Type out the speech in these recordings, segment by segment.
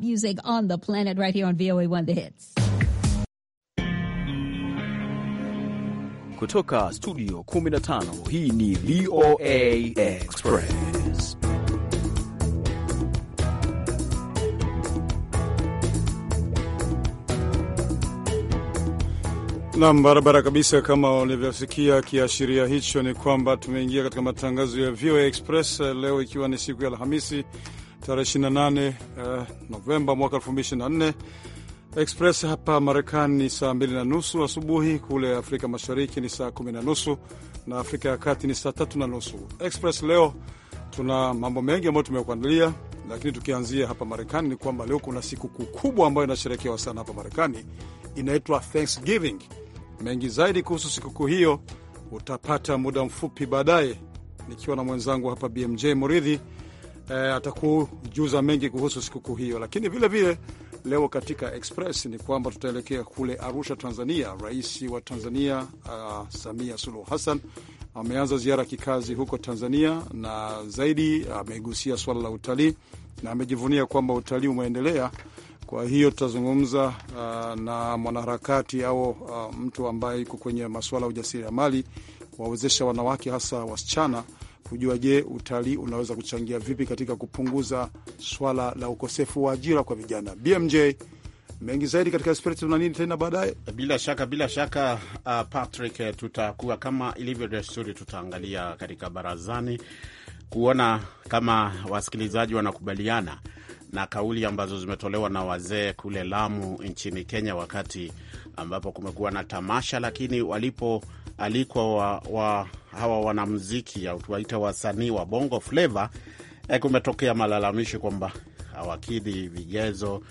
music on the planet right here on voa One The Hits. Kutoka studio 15 hii ni VOA Express. Nam, barabara kabisa. Kama ulivyosikia kiashiria hicho, ni kwamba tumeingia katika matangazo ya VOA Express leo, ikiwa ni siku ya Alhamisi tarehe 28 uh, eh, Novemba mwaka 2024 Express hapa Marekani ni saa 2 na nusu asubuhi, kule Afrika Mashariki ni saa 10 na nusu na Afrika ya Kati ni saa tatu na nusu. Express leo tuna mambo mengi ambayo tumekuandalia, lakini tukianzia hapa Marekani ni kwamba leo kuna siku kubwa ambayo inasherekewa sana hapa Marekani, inaitwa Thanksgiving. Mengi zaidi kuhusu sikukuu hiyo utapata muda mfupi baadaye nikiwa na mwenzangu hapa BMJ Muridhi eh, atakujuza mengi kuhusu sikukuu hiyo. Lakini vilevile leo katika Express ni kwamba tutaelekea kule Arusha, Tanzania. Rais wa Tanzania uh, Samia Suluhu Hassan ameanza ziara kikazi huko Tanzania na zaidi amegusia swala la utalii na amejivunia kwamba utalii umeendelea. Kwa hiyo tutazungumza uh, na mwanaharakati au uh, mtu ambaye iko kwenye masuala ya ujasiriamali, wawezesha wanawake hasa wasichana kujua, je, utalii unaweza kuchangia vipi katika kupunguza swala la ukosefu wa ajira kwa vijana. BMJ mengi zaidi katika na nini tena baadaye, bila shaka bila shaka. Uh, Patrick, eh, tutakuwa kama ilivyo desturi, tutaangalia katika barazani kuona kama wasikilizaji wanakubaliana na kauli ambazo zimetolewa na wazee kule Lamu nchini Kenya, wakati ambapo kumekuwa na tamasha, lakini walipo alikwa wa, wa hawa wanamziki au tuwaita wasanii wa bongo flava eh, kumetokea malalamishi kwamba hawakidhi vigezo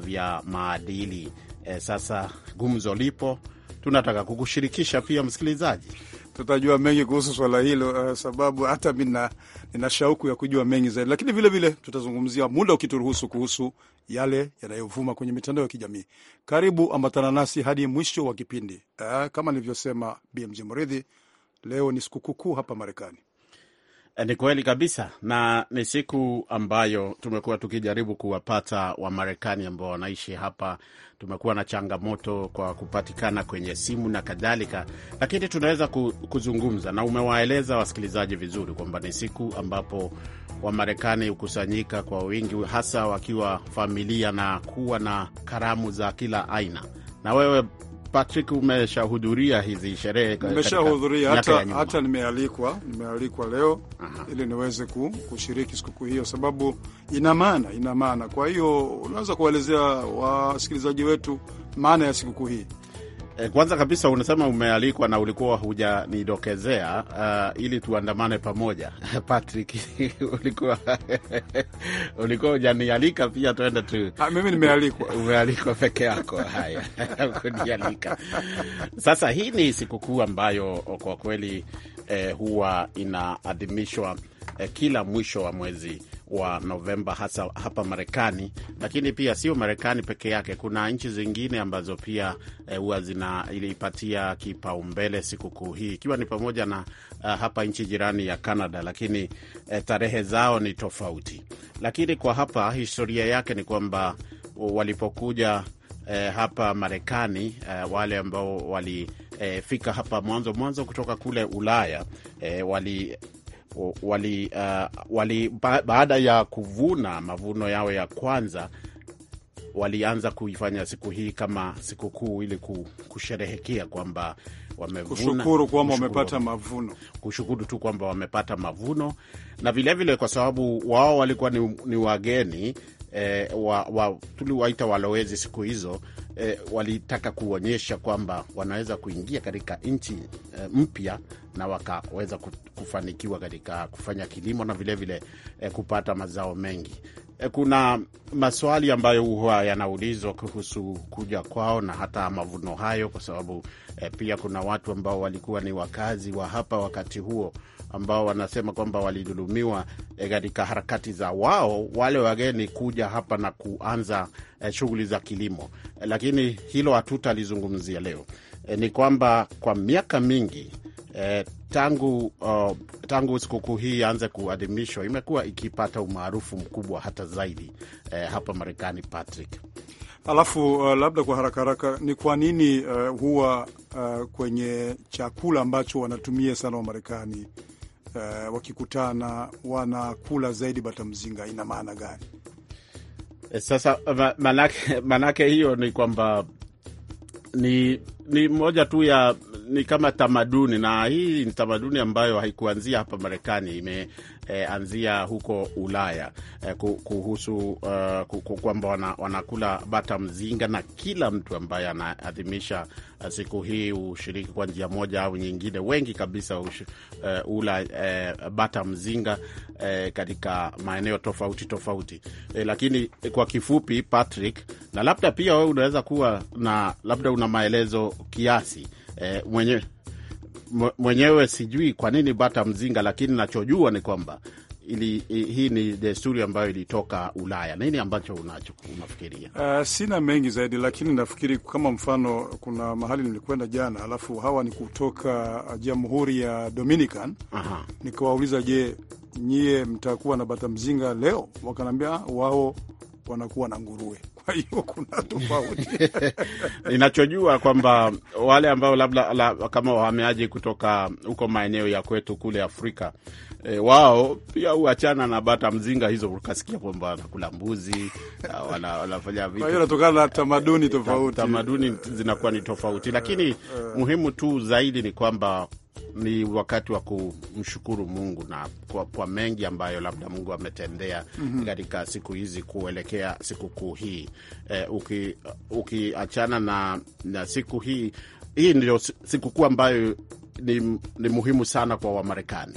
vya maadili eh. Sasa gumzo lipo, tunataka kukushirikisha pia msikilizaji tutajua mengi kuhusu swala hilo, uh, sababu hata mi nina shauku ya kujua mengi zaidi, lakini vilevile tutazungumzia muda ukituruhusu, kuhusu yale yanayovuma kwenye mitandao ya kijamii. Karibu ambatana nasi hadi mwisho wa kipindi. Uh, kama nilivyosema, BMJ Mridhi Leo ni sikukuu kuu hapa Marekani. Eh, ni kweli kabisa, na ni siku ambayo tumekuwa tukijaribu kuwapata Wamarekani ambao wanaishi hapa. Tumekuwa na changamoto kwa kupatikana kwenye simu na kadhalika, lakini tunaweza kuzungumza na umewaeleza wasikilizaji vizuri kwamba ni siku ambapo Wamarekani hukusanyika kwa wingi, hasa wakiwa familia na kuwa na karamu za kila aina. Na wewe Patrick, umeshahudhuria hizi sherehe? Nimeshahudhuria, hata, hata nimealikwa, nimealikwa leo Aha. ili niweze kushiriki sikukuu hiyo, sababu ina maana, ina maana. Kwa hiyo unaweza kuwaelezea wasikilizaji wetu maana ya sikukuu hii? Eh, kwanza kabisa unasema umealikwa na ulikuwa hujanidokezea uh, ili tuandamane pamoja Patrick, ulikuwa ulikuwa hujanialika pia tuende tu. Ah, mimi nimealikwa, umealikwa peke yako. Haya, kunialika sasa. Hii ni sikukuu ambayo kwa kweli eh, huwa inaadhimishwa eh, kila mwisho wa mwezi wa Novemba hasa hapa Marekani, lakini pia sio Marekani peke yake. Kuna nchi zingine ambazo pia eh, huwa e, zinaipatia kipaumbele sikukuu hii, ikiwa ni pamoja na uh, hapa nchi jirani ya Canada, lakini e, tarehe zao ni tofauti. Lakini kwa hapa historia yake ni kwamba walipokuja e, hapa Marekani e, wale ambao walifika E, hapa mwanzo mwanzo kutoka kule Ulaya e, wali wali, uh, wali ba, baada ya kuvuna mavuno yao ya kwanza walianza kuifanya siku hii kama sikukuu ili kusherehekea kwamba wamevuna, kushukuru kwamba wamepata mavuno, kushukuru tu kwamba wamepata mavuno, na vilevile vile kwa sababu wao walikuwa ni, ni wageni eh, wa, wa, tuliwaita walowezi siku hizo e, walitaka kuonyesha kwamba wanaweza kuingia katika nchi e, mpya na wakaweza kufanikiwa katika kufanya kilimo na vilevile vile, e, kupata mazao mengi. E, kuna maswali ambayo huwa yanaulizwa kuhusu kuja kwao na hata mavuno hayo, kwa sababu e, pia kuna watu ambao walikuwa ni wakazi wa hapa wakati huo ambao wanasema kwamba walidhulumiwa e, katika e, harakati za wao wale wageni kuja hapa na kuanza e, shughuli za kilimo e, lakini hilo hatutalizungumzia leo. E, ni kwamba kwa miaka mingi e, tangu uh, tangu sikukuu hii anze kuadhimishwa imekuwa ikipata umaarufu mkubwa hata zaidi e, hapa Marekani, Patrick. Alafu uh, labda kwa haraka haraka ni kwa nini uh, huwa uh, kwenye chakula ambacho wanatumia sana Wamarekani uh, wakikutana wanakula zaidi bata mzinga, ina maana gani? Eh, sasa manake, manake hiyo ni kwamba ni ni moja tu ya ni kama tamaduni na hii ni tamaduni ambayo haikuanzia hapa Marekani, ime eh, anzia huko Ulaya eh, kuhusu uh, kwamba wana, wanakula bata mzinga, na kila mtu ambaye anaadhimisha eh, siku hii hushiriki kwa njia moja au nyingine. Wengi kabisa ush, uh, ula uh, bata mzinga uh, katika maeneo tofauti tofauti eh, lakini kwa kifupi Patrick, na labda pia wewe unaweza kuwa na labda una maelezo kiasi eh, mwenyewe mwenyewe sijui kwa nini bata mzinga, lakini nachojua ni kwamba ili, hii ni desturi ambayo ilitoka Ulaya. Nini ambacho unacho unafikiria? Uh, sina mengi zaidi, lakini nafikiri kama mfano, kuna mahali nilikwenda jana, alafu hawa ni kutoka Jamhuri ya Dominican, nikawauliza je, nyie mtakuwa na bata mzinga leo? Wakanaambia wao wanakuwa na nguruwe hiyo kuna tofauti ninachojua kwamba wale ambao labda la, kama wahamiaji kutoka huko maeneo ya kwetu kule Afrika e, wao pia huachana na bata mzinga hizo, ukasikia kwamba wanakula mbuzi ah, wanafanya vitu. Kwa hiyo na tamaduni eh, eh, tofauti, tamaduni zinakuwa ni tofauti, lakini eh, muhimu tu zaidi ni kwamba ni wakati wa kumshukuru Mungu na kwa, kwa mengi ambayo labda Mungu ametendea mhm. katika mm -hmm. siku hizi kuelekea sikukuu hii e, ukiachana uki na, na siku hii hii ndio sikukuu ambayo ni, ni muhimu sana kwa Wamarekani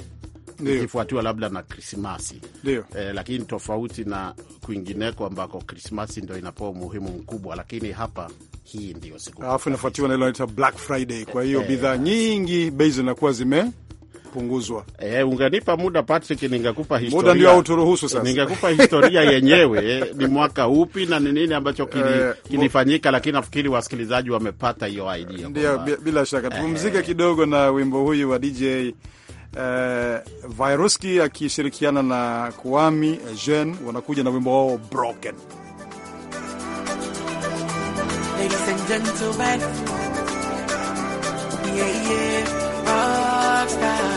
ikifuatiwa labda na Krismasi eh, lakini tofauti na kwingineko ambako Krismasi ndo inapewa umuhimu mkubwa, lakini hapa hii ndio siku. Alafu inafuatiwa na ile inaitwa Black Friday, kwa hiyo eh. bidhaa nyingi bei zinakuwa zime punguzwa. E, eh, unganipa muda Patrick, ningekupa historia. Muda ndio uturuhusu sasa. Ningekupa historia yenyewe ni mwaka upi na ni nini ambacho kili, eh, kilifanyika kili, lakini nafikiri wasikilizaji wamepata hiyo idea. Ndio, bila shaka tupumzike e, kidogo na wimbo huyu wa DJ uh, Viruski akishirikiana na Kuami Jean wanakuja na wimbo wao Broken. gentleman. Yeah, yeah, rock star.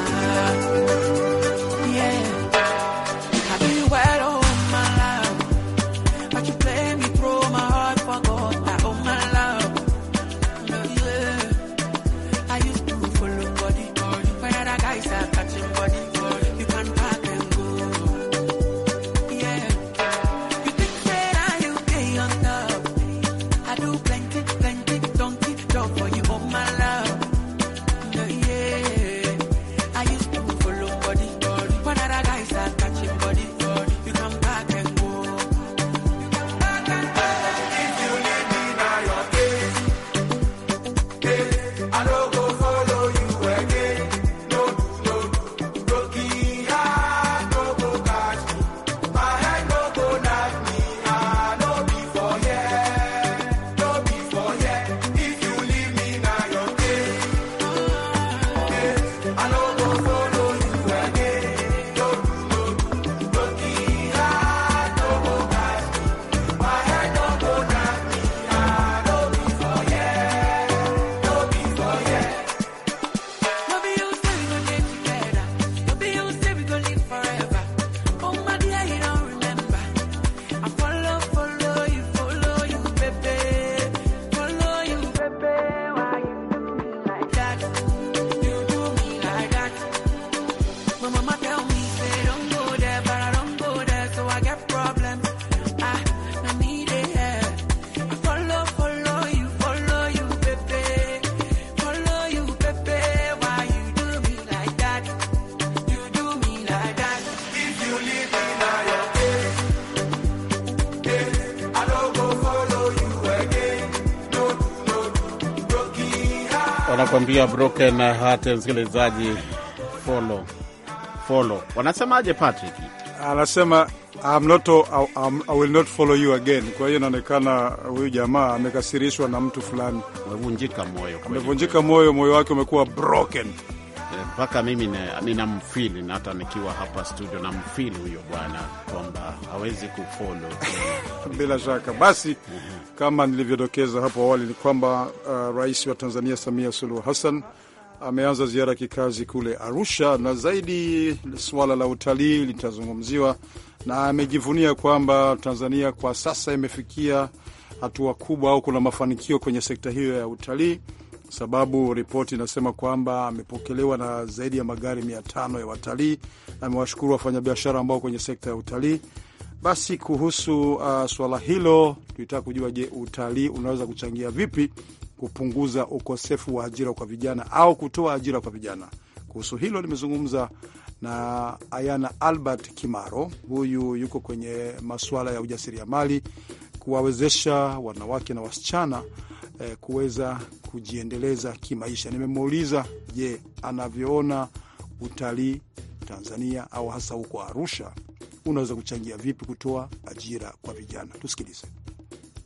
nakwambia broken heart. Msikilizaji follow follow, wanasemaje Patrick? Anasema I'm not, I'm, I will not follow you again. Kwa hiyo inaonekana huyu jamaa amekasirishwa na mtu fulani, amevunjika moyo, amevunjika moyo, moyo wake umekuwa broken. Eh, mpaka mimi mfili na hata nikiwa hapa studio mfili huyo bwana kwamba hawezi kufolo bila shaka. Basi mhm. Kama nilivyodokeza hapo awali ni kwamba uh, Rais wa Tanzania Samia Suluhu Hassan ameanza ziara ya kikazi kule Arusha, na zaidi suala la utalii litazungumziwa, na amejivunia kwamba Tanzania kwa sasa imefikia hatua kubwa au kuna mafanikio kwenye sekta hiyo ya utalii sababu ripoti inasema kwamba amepokelewa na zaidi ya magari mia tano ya watalii. Amewashukuru wafanyabiashara ambao kwenye sekta ya utalii. Basi kuhusu uh, swala hilo tulitaka kujua, je, utalii unaweza kuchangia vipi kupunguza ukosefu wa ajira kwa vijana au kutoa ajira kwa vijana? Kuhusu hilo nimezungumza na Ayana Albert Kimaro. Huyu yuko kwenye masuala ya ujasiriamali, kuwawezesha wanawake na wasichana eh, kuweza kujiendeleza kimaisha. Nimemuuliza je, anavyoona utalii Tanzania au hasa huko Arusha unaweza kuchangia vipi kutoa ajira kwa vijana. Tusikilize.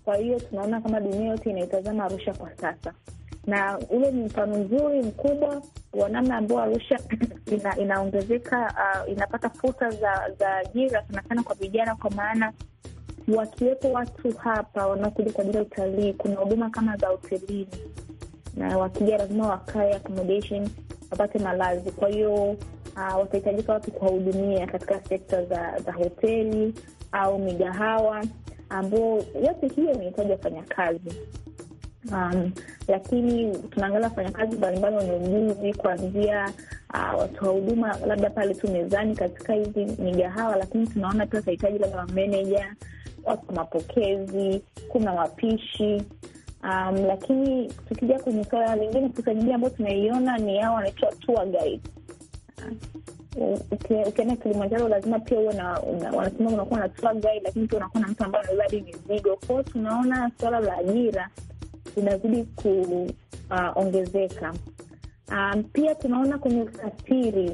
Kwa hiyo tunaona kama dunia yote inaitazama Arusha kwa sasa, na ule ni mfano mzuri mkubwa wa namna ambayo Arusha ina, inaongezeka uh, inapata fursa za, za ajira sana sana kwa vijana, kwa maana wakiwepo watu hapa wanaokuja kwa ajili ya utalii, kuna huduma kama za hotelini, na wakija lazima wakae accommodation, wapate malazi. Kwa hiyo uh, watahitajika watu kuwahudumia katika sekta za, za hoteli au migahawa, ambao yote hiyo inahitaji wafanyakazi. Um, lakini tunaangalia wafanyakazi mbalimbali wenye ujuzi kuanzia uh, ah, wa huduma labda pale tu mezani katika hizi migahawa, lakini tunaona pia watahitaji labda mameneja kuna mapokezi, kuna wapishi um, lakini tukija kwenye suala lingine, fursa nyingine ambayo tunaiona ni hao wanaitwa tour guide. Uh, ukienda Kilimanjaro lazima pia uwe na, wanasema unakuwa na tour guide, lakini pia unakuwa na mtu ambaye anabeba mizigo kwao. Tunaona suala la ajira linazidi kuongezeka. Uh, um, pia tunaona kwenye usafiri,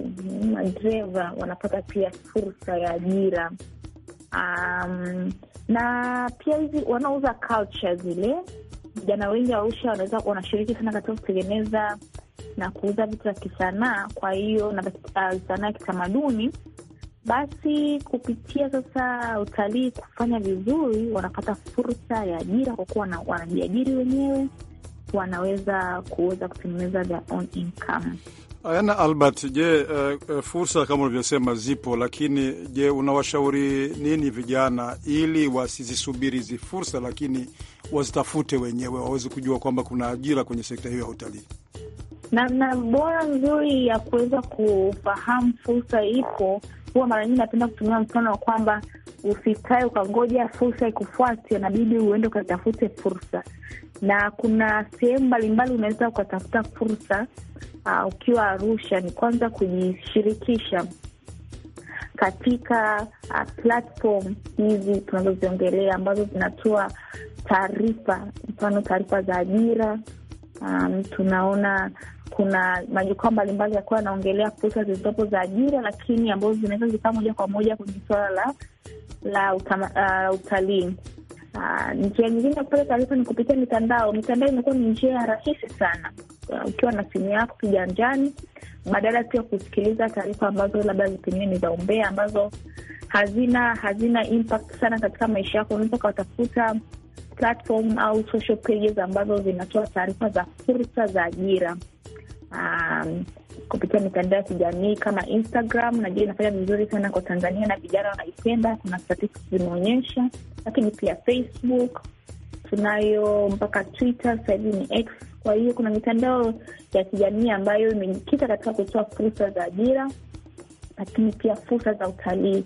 madereva wanapata pia fursa ya ajira um, na pia hizi wanaouza culture zile, vijana wengi wausha wanaweza wanashiriki sana katika kutengeneza na kuuza vitu vya kisanaa, kwa hiyo na uh, sanaa ya kitamaduni. Basi kupitia sasa utalii kufanya vizuri, wanapata fursa ya ajira kwa kuwa wanajiajiri wenyewe, wanaweza kuweza kutengeneza their own income. Ayana Albert, je, uh, fursa kama ulivyosema zipo, lakini je, unawashauri nini vijana ili wasizisubiri hizi fursa, lakini wazitafute wenyewe, waweze kujua kwamba kuna ajira kwenye sekta hiyo ya utalii? Namna bora nzuri ya kuweza kufahamu fursa ipo, huwa mara nyingi napenda kutumia mfano wa kwamba usikae ukangoja fursa ikufuate, inabidi uende ukatafute fursa na kuna sehemu mbalimbali unaweza ukatafuta fursa uh, ukiwa Arusha ni kwanza kujishirikisha katika uh, platform hizi tunazoziongelea ambazo zinatoa taarifa, mfano taarifa za ajira. Um, tunaona kuna majukwaa mbalimbali yakuwa yanaongelea fursa zilizopo za ajira, lakini ambazo zinaweza zikaa moja kwa moja kwenye suala la la ah, utalii Uh, njia nyingine ya kupata taarifa ni kupitia mitandao. Mitandao imekuwa ni njia rahisi sana, uh, ukiwa na simu yako kijanjani badala tu ya kusikiliza taarifa ambazo labda zipengine ni za umbea ambazo hazina hazina impact sana katika maisha yako. Unaweza ukatafuta platform au social pages ambazo zinatoa taarifa za fursa za ajira. Um, kupitia mitandao ya kijamii kama Instagram. Najua inafanya vizuri sana kwa Tanzania na vijana wanaipenda, kuna statistics zimeonyesha, lakini pia Facebook tunayo mpaka Twitter, sasa hivi ni X. Kwa hiyo kuna mitandao ya kijamii ambayo imejikita katika kutoa fursa za ajira, lakini pia fursa za utalii.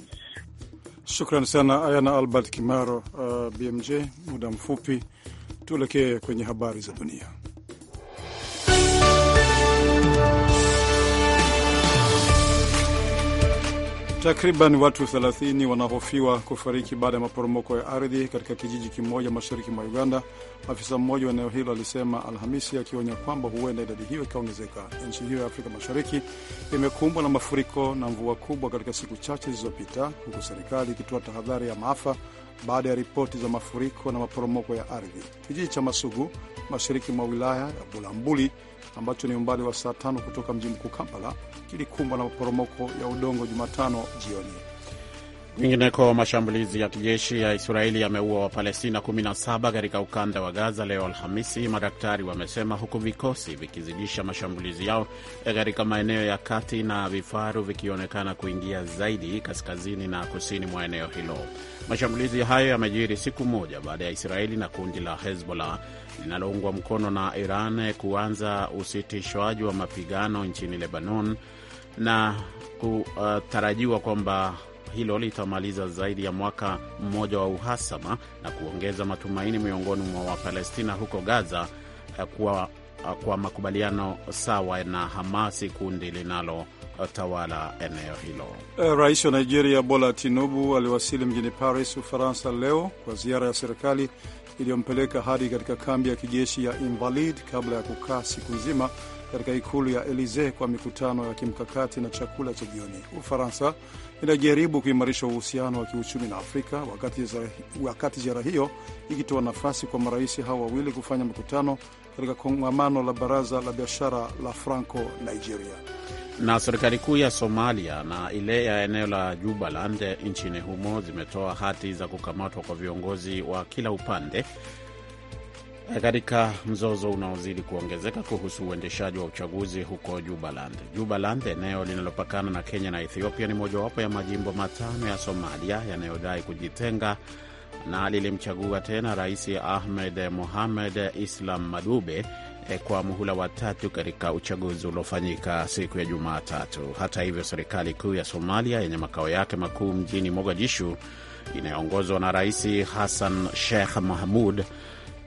Shukran sana Ayana Albert Kimaro. Uh, BMJ, muda mfupi tuelekee kwenye habari za dunia. Takriban watu 30 wanahofiwa kufariki baada ya maporomoko ya ardhi katika kijiji kimoja mashariki mwa Uganda, afisa mmoja wa eneo hilo alisema Alhamisi, akionya kwamba huenda idadi hiyo ikaongezeka. Nchi hiyo ya Afrika Mashariki imekumbwa na mafuriko na mvua kubwa katika siku chache zilizopita, huku serikali ikitoa tahadhari ya maafa baada ya ripoti za mafuriko na maporomoko ya ardhi. Kijiji cha Masugu mashariki mwa wilaya ya Bulambuli ambacho ni umbali wa saa tano kutoka mji mkuu Kampala kilikumbwa na maporomoko ya udongo Jumatano jioni. Kwingineko, mashambulizi ya kijeshi ya Israeli yameua Wapalestina 17 katika ukanda wa Gaza leo Alhamisi, madaktari wamesema, huku vikosi vikizidisha mashambulizi yao katika maeneo ya kati na vifaru vikionekana kuingia zaidi kaskazini na kusini mwa eneo hilo. Mashambulizi hayo yamejiri siku moja baada ya Israeli na kundi la Hezbollah linaloungwa mkono na Iran kuanza usitishwaji wa mapigano nchini Lebanon na kutarajiwa kwamba hilo litamaliza zaidi ya mwaka mmoja wa uhasama na kuongeza matumaini miongoni mwa Wapalestina huko Gaza eh, kwa, eh, kwa makubaliano sawa na Hamasi, kundi linalotawala eneo hilo. Eh, Rais wa Nigeria Bola Tinubu aliwasili mjini Paris, Ufaransa leo kwa ziara ya serikali iliyompeleka hadi katika kambi ya kijeshi ya Invalid kabla ya kukaa siku nzima katika ikulu ya Elisee kwa mikutano ya kimkakati na chakula cha jioni. Ufaransa inajaribu kuimarisha uhusiano wa kiuchumi na Afrika, wakati, wakati ziara hiyo ikitoa nafasi kwa marais hao wawili kufanya mkutano katika kongamano la baraza la biashara la Franco Nigeria. Na serikali kuu ya Somalia na ile ya eneo la Jubaland nchini humo zimetoa hati za kukamatwa kwa viongozi wa kila upande katika mzozo unaozidi kuongezeka kuhusu uendeshaji wa uchaguzi huko Jubaland. Jubaland, eneo linalopakana na Kenya na Ethiopia, ni mojawapo ya majimbo matano ya Somalia yanayodai kujitenga na lilimchagua tena Rais Ahmed Mohamed Islam Madube eh, kwa muhula wa tatu katika uchaguzi uliofanyika siku ya Jumatatu. Hata hivyo, serikali kuu ya Somalia yenye makao yake makuu mjini Mogadishu inayoongozwa na Rais Hassan Sheikh Mahmud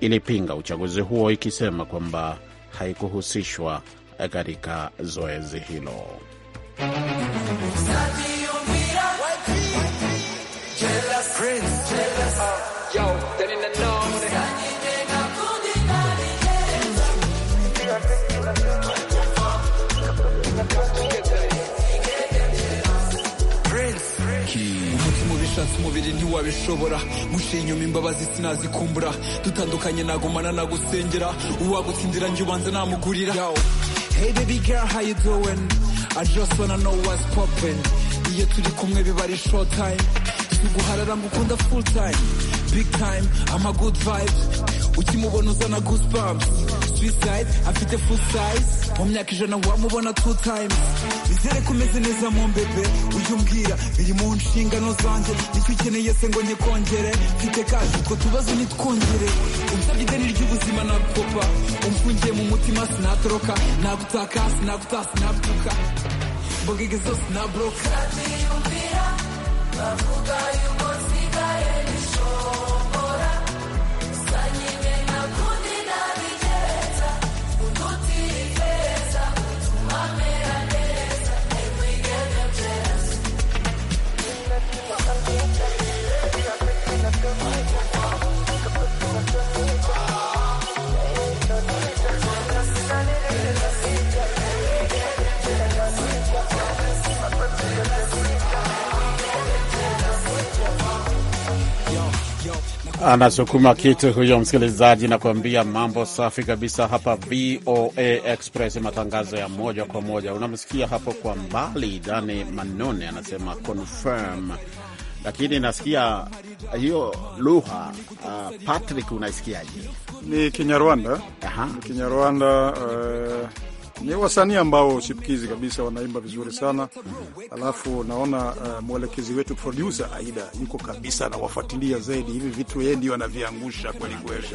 ilipinga uchaguzi huo ikisema kwamba haikuhusishwa katika zoezi hilo. nashatse umubiri ntiwabishobora guciye inyuma imbabazi sinazikumbura dutandukanye nagumana nagusengera uwagutsindira njye ubanza namugurira Hey baby girl how you doing I just wanna know what's poppin iyo turi kumwe biba ari short time siguharara ngukunda full time big time I'm a good vibes ukimubona uzana goosebumps twiside afite full size mu myaka ijana wamubona two times bizere kumeze neza mu mbebe ujya umbwira biri mu nshingano zanjye nicyo ukeneye se ngo nyikongere mfite kaje utwo tubazo nitwongere unsabye ideni ry'ubuzima nagukopa umfungiye mu mutima sinatoroka nagutaka sinagutasa sinagutuka mbogege zose nabroka bavuga yuko Anasukuma kitu huyo msikilizaji, nakuambia mambo safi kabisa hapa VOA Express, matangazo ya moja kwa moja. Unamsikia hapo kwa mbali Dani Manone anasema confirm, lakini nasikia hiyo lugha uh, Patrick, unaisikiaje? Ni Kinyarwanda? Aha. Kinyarwanda uh ni wasanii ambao chipukizi kabisa, wanaimba vizuri sana Alafu naona uh, mwelekezi wetu producer Aida yuko kabisa anawafuatilia zaidi hivi vitu, yeye ndio anaviangusha kweli kweli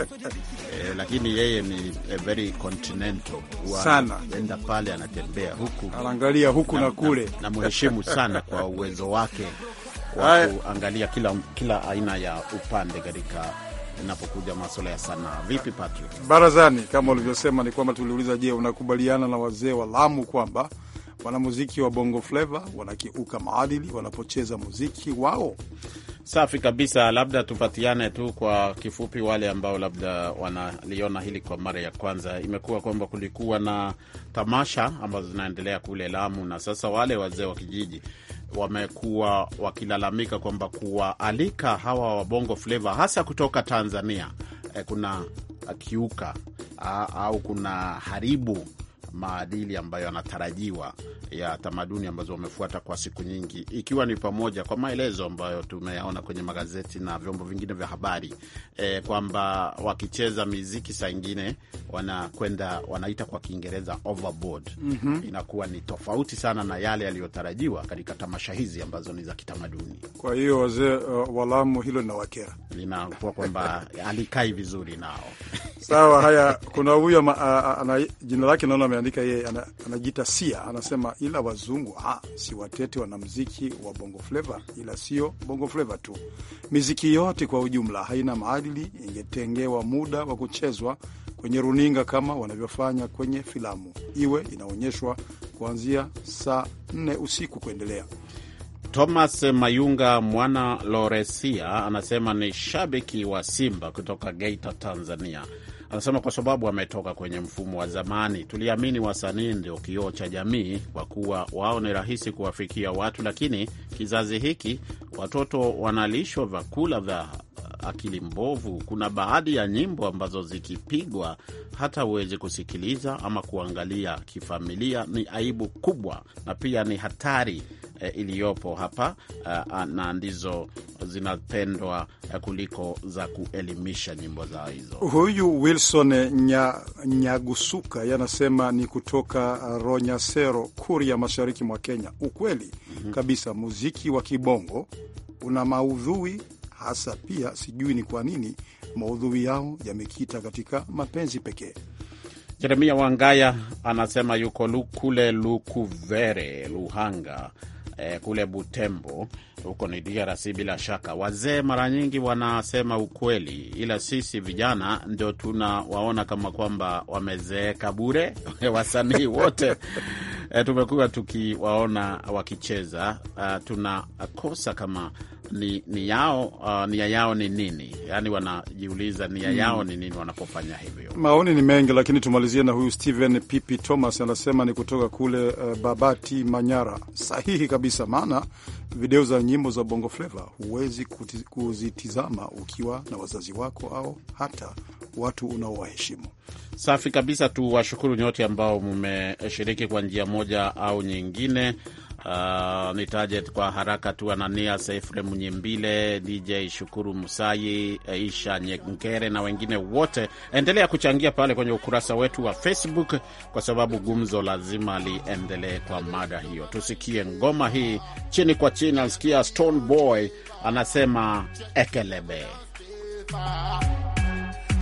eh, lakini yeye ni very continental sana, anaenda pale anatembea huku anaangalia huku na, na kule, namheshimu na sana kwa uwezo wake wa kuangalia kila, kila aina ya upande katika inapokuja masuala ya sanaa. Vipi Patrick? Barazani kama ulivyosema ni kwamba tuliuliza, je, unakubaliana na wazee wa Lamu kwamba wanamuziki wa Bongo fleva wanakiuka maadili wanapocheza muziki wao? Safi kabisa. Labda tupatiane tu kwa kifupi, wale ambao labda wanaliona hili kwa mara ya kwanza. Imekuwa kwamba kulikuwa na tamasha ambazo zinaendelea kule Lamu, na sasa wale wazee wa kijiji wamekuwa wakilalamika kwamba kuwaalika hawa wa bongo hasa kutoka Tanzania eh, kuna kiuka ah, au kuna haribu maadili ambayo yanatarajiwa ya tamaduni ambazo wamefuata kwa siku nyingi, ikiwa ni pamoja kwa maelezo ambayo tumeyaona kwenye magazeti na vyombo vingine vya habari e, kwamba wakicheza miziki saa ingine wanakwenda wanaita kwa Kiingereza overboard. mm -hmm. Inakuwa ni tofauti sana na yale yaliyotarajiwa katika tamasha hizi ambazo ni za kitamaduni. Kwa hiyo wazee uh, walamu hilo linawakera, linakuwa kwamba alikai vizuri nao sawa. Haya, kuna huyo jina lake naona ameandika yeye ana, Sia, anasema ila wazungu ha, si watete wanamziki wa bongo fleva, ila sio bongo fleva tu, miziki yote kwa ujumla haina maadili, ingetengewa muda wa kuchezwa kwenye runinga kama wanavyofanya kwenye filamu, iwe inaonyeshwa kuanzia saa nne usiku kuendelea. Thomas Mayunga mwana Loresia anasema ni shabiki wa Simba kutoka Geita, Tanzania. Anasema kwa sababu ametoka kwenye mfumo wa zamani, tuliamini wasanii ndio kioo cha jamii kwa kuwa wao ni rahisi kuwafikia watu, lakini kizazi hiki watoto wanalishwa vyakula vya akili mbovu, kuna baadhi ya nyimbo ambazo zikipigwa hata huwezi kusikiliza ama kuangalia kifamilia. Ni aibu kubwa na pia ni hatari e, iliyopo hapa a, eh, na ndizo zinapendwa eh, kuliko za kuelimisha nyimbo zao hizo. Huyu Wilson Nyagusuka yanasema ni kutoka Ronyasero, Kuria, mashariki mwa Kenya. Ukweli mm -hmm. kabisa muziki wa kibongo una maudhui hasa. Pia sijui ni kwa nini maudhui yao yamekita katika mapenzi pekee. Jeremia Wangaya anasema yuko kule Lukuvere, Luhanga eh, kule Butembo, huko ni DRC. Bila shaka wazee mara nyingi wanasema ukweli, ila sisi vijana ndio tunawaona kama kwamba wamezeeka bure. wasanii wote eh, tumekuwa tukiwaona wakicheza, uh, tunakosa kama ni, ni yao uh, nia yao ni nini? Yaani wanajiuliza nia hmm. yao ni nini wanapofanya hivyo. Maoni ni mengi, lakini tumalizie na huyu stehen Pipi Thomas, anasema ni kutoka kule uh, Babati, Manyara. Sahihi kabisa, maana video za nyimbo za Bongo Flava huwezi kuzitizama ukiwa na wazazi wako au hata watu unaowaheshimu. Safi kabisa. Tuwashukuru nyote ambao mmeshiriki kwa njia moja au nyingine. Uh, nitaje kwa haraka tu Anania Saifrem Nyimbile, DJ Shukuru Musai, Aisha nyengere na wengine wote. Endelea kuchangia pale kwenye ukurasa wetu wa Facebook kwa sababu gumzo lazima liendelee kwa mada hiyo. Tusikie ngoma hii chini kwa chini. Anasikia Stone Boy anasema ekelebe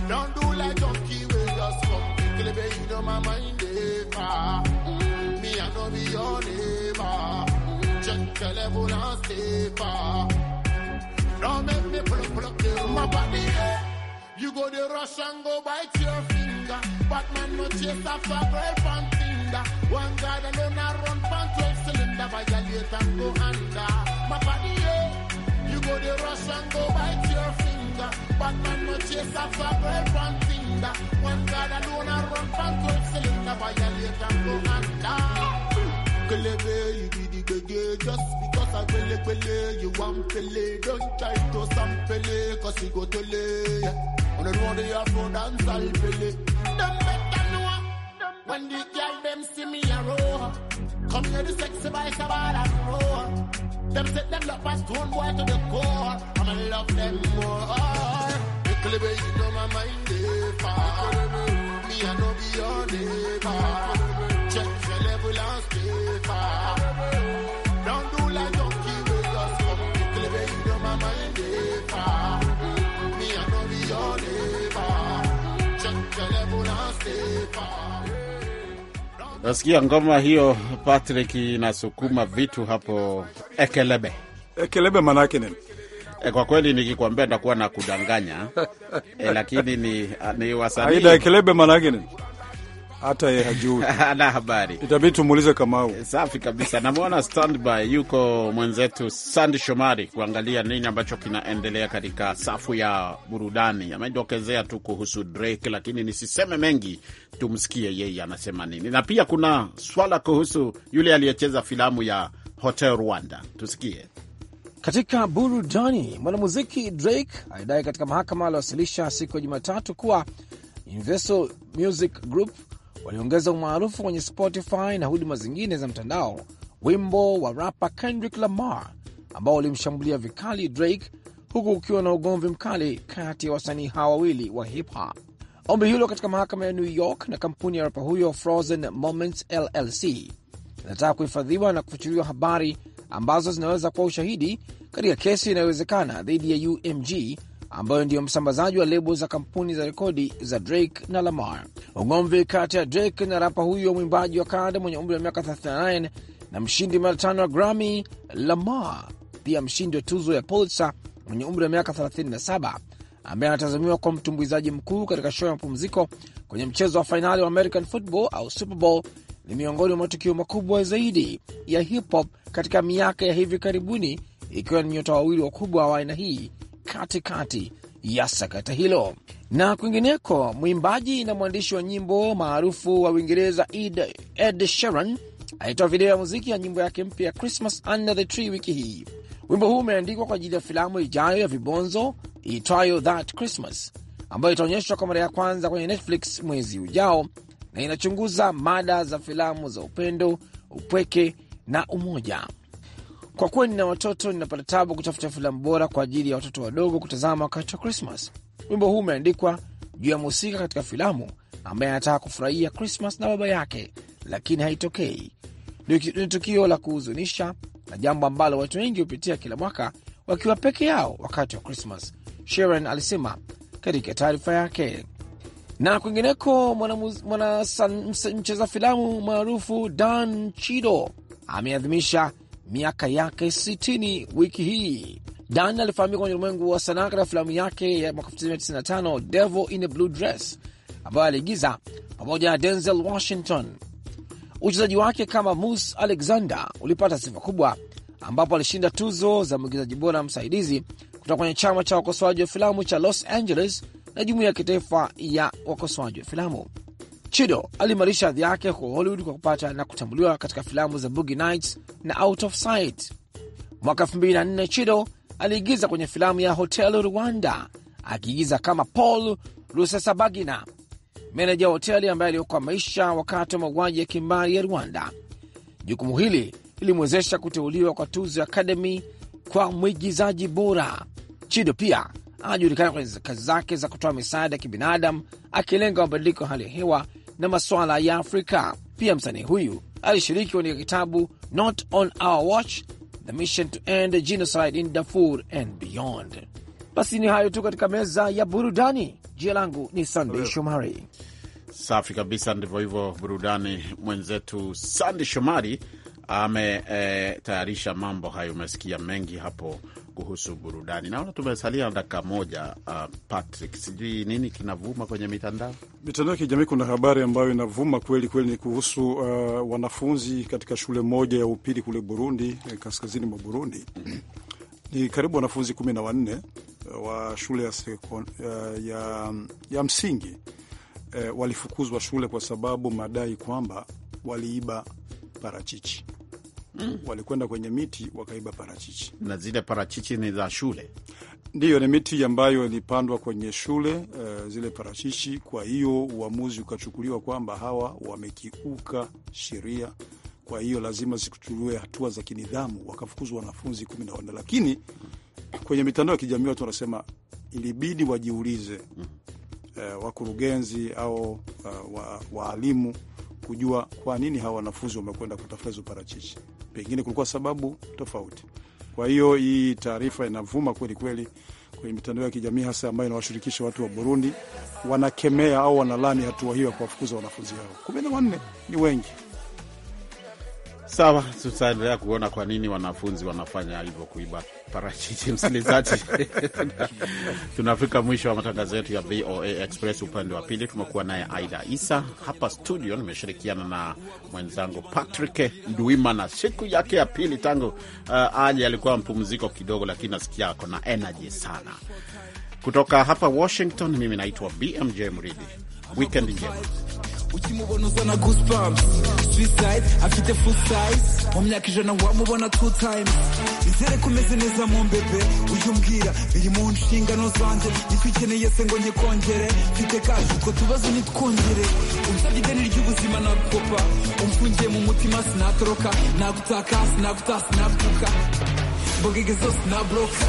Don't do like tell Ebola safer. Now make me pluck, pluck the my body. Yeah. You go the rush and go bite your finger. But man no chase after girl from Tinder. One guy that don't run from 12 cylinder. by Violate and go under. My body, yeah. You go the rush and go bite your finger. But man no chase after girl from Tinder. One guy that don't run from 12 cylinder. by Violate and go under. Kelebe, you be the gege. Just because I bele bele, you want pele. Don't try to sample, cause you go tele. Yeah. On the road, you have to dance, all pele. Them better know, when the girl them see me a roar. Come here, the sexy boy, shabbat and roar. Them set them love past stone boy to the core. I'ma love them more. Kelebe, you know my mind, they eh, far. Me, I know be your neighbor. Nasikia ngoma hiyo Patrick, inasukuma vitu hapo ekelebe. Ekelebe manaake nini? Eh, kwa kweli nikikwambia ntakuwa na kudanganya. E, eh, lakini ni, ni wasanii. Aida ekelebe manake nini? hata yeye hajui ana habari, itabidi tumuulize Kamau. Safi kabisa, namwona standby yuko mwenzetu Sandi Shomari kuangalia nini ambacho kinaendelea katika safu ya burudani. Amedokezea tu kuhusu Drake, lakini nisiseme mengi, tumsikie yeye anasema nini, na pia kuna swala kuhusu yule aliyecheza filamu ya Hotel Rwanda, tusikie. Katika burudani, mwanamuziki Drake alidai katika mahakama aliwasilisha siku ya Jumatatu kuwa Universal Music Group waliongeza umaarufu kwenye Spotify na huduma zingine za mtandao wimbo wa rapa Kendrick Lamar ambao ulimshambulia vikali Drake, huku ukiwa na ugomvi mkali kati ya wasanii hawa wawili wa hip hop. Ombi hilo katika mahakama ya New York na kampuni ya rapa huyo Frozen Moments LLC inataka kuhifadhiwa na kufuchuliwa habari ambazo zinaweza kuwa ushahidi katika kesi inayowezekana dhidi ya UMG ambayo ndiyo msambazaji wa lebo za kampuni za rekodi za Drake na Lamar. Ugomvi kati ya Drake na rapa huyo mwimbaji wa kada mwenye umri wa miaka 39 na mshindi mara tano wa Grammy, Lamar pia mshindi wa tuzo ya Pulitzer mwenye umri wa miaka 37 ambaye anatazamiwa kwa mtumbuizaji mkuu katika show ya mapumziko kwenye mchezo wa fainali wa American football au Super Bowl ni miongoni mwa matukio makubwa zaidi ya hip hop katika miaka ya hivi karibuni, ikiwa ni nyota wawili wakubwa wa aina hii katikati ya sakata hilo. Na kwingineko, mwimbaji na mwandishi wa nyimbo maarufu wa Uingereza Ed Sheeran alitoa video ya muziki ya nyimbo yake mpya ya Christmas Under the Tree wiki hii. Wimbo huu umeandikwa kwa ajili ya filamu ijayo ya vibonzo iitwayo That Christmas ambayo itaonyeshwa kwa mara ya kwanza kwenye Netflix mwezi ujao na inachunguza mada za filamu za upendo, upweke na umoja. Kwa kuwa nina watoto, ninapata tabu kutafuta filamu bora kwa ajili ya watoto wadogo kutazama wakati wa Krismas. Wimbo huu umeandikwa juu ya mhusika katika filamu ambaye anataka kufurahia Krismas na baba yake, lakini haitokei. Ni tukio la kuhuzunisha na jambo ambalo watu wengi hupitia kila mwaka wakiwa peke yao wakati wa Krismas, Sharon alisema katika taarifa yake. Na kwingineko, mwanamcheza filamu maarufu Dan Chido ameadhimisha miaka yake 60 wiki hii. Dan alifahamika kwenye ulimwengu wa sanaa katika filamu yake ya mwaka 1995 Devil in a Blue Dress ambayo aliigiza pamoja na Denzel Washington. Uchezaji wake kama Moose Alexander ulipata sifa kubwa, ambapo alishinda tuzo za mwigizaji bora msaidizi kutoka kwenye chama cha wakosoaji wa filamu cha Los Angeles na jumuiya ya kitaifa ya wakosoaji wa filamu. Chido alimarisha hadhi yake huko Hollywood kwa kupata na kutambuliwa katika filamu za Boogie Nights na Out of Sight. Mwaka 2004 Chido aliigiza kwenye filamu ya Hotel Rwanda akiigiza kama Paul Rusesabagina, meneja wa hoteli ambaye aliokoa maisha wakati wa mauaji ya kimbari ya Rwanda. Jukumu hili ilimwezesha kuteuliwa kwa tuzo ya Academy kwa mwigizaji bora. Chido pia anajulikana kwenye kazi zake za kutoa misaada ya kibinadamu akilenga mabadiliko ya hali ya hewa na masuala ya Afrika. Pia msanii huyu alishiriki kwenye kitabu Not on Our Watch, The Mission to End Genocide in Darfur and Beyond. Basi ni hayo tu katika meza ya burudani. Jina langu ni Sandey Shomari. Safi kabisa, ndivyo hivyo burudani. Mwenzetu Sandey Shomari ametayarisha eh, mambo hayo. Umesikia mengi hapo kuhusu burudani. Naona tumesalia dakika moja. Uh, Patrick, sijui nini kinavuma kwenye mitandao mitandao ya kijamii. Kuna habari ambayo inavuma kweli kweli, ni kuhusu uh, wanafunzi katika shule moja ya upili kule Burundi, eh, kaskazini mwa Burundi. Mm-hmm. Ni karibu wanafunzi kumi na wanne uh, wa shule ya, sekon, ya, uh, ya, ya msingi eh, walifukuzwa shule kwa sababu madai kwamba waliiba parachichi mm. walikwenda kwenye miti wakaiba parachichi, na zile parachichi ni za shule, ndiyo ni miti ambayo ilipandwa kwenye shule uh, zile parachichi. Kwa hiyo uamuzi ukachukuliwa kwamba hawa wamekiuka sheria, kwa hiyo lazima zichukuliwe hatua za kinidhamu, wakafukuzwa wanafunzi kumi na wanne. Lakini kwenye mitandao ya kijamii watu wanasema ilibidi wajiulize, uh, wakurugenzi au uh, waalimu wa kujua kwa nini hawa wanafunzi wamekwenda kutafuta hizo parachichi pengine kulikuwa sababu tofauti. Kwa hiyo hii taarifa inavuma kweli kweli kwenye mitandao ya kijamii, hasa ambayo inawashirikisha watu wa Burundi, wanakemea au wanalani hatua hiyo ya kuwafukuza wanafunzi hao kumi na wanne. Ni wengi Sawa, tutaendelea kuona kwa nini wanafunzi wanafanya hivyo, kuiba parachichi. Msikilizaji, tunafika mwisho wa matangazo yetu ya VOA Express. Upande wa pili tumekuwa naye Aida Isa hapa studio, nimeshirikiana na mwenzangu Patrick na Siku yake ya pili tangu uh, aje, alikuwa mpumziko kidogo, lakini nasikia ako na energy sana. Kutoka hapa Washington, mimi naitwa BMJ Mridhi. Wikendi njema. ukimubona uzana goosebumps suicide afite full size mu myaka ijana wamubona two times izere ko umeze neza mu mbebe ujye umbwira biri mu nshingano zanjye icyo ukeneye se ngo nyikongere mfite kaje utwo tubazo nitwongere unsabye ideni ry'ubuzima nagukopa umfungiye mu mutima sinatoroka nagutaka sinaguta sinagutuka mbogege zose nabroka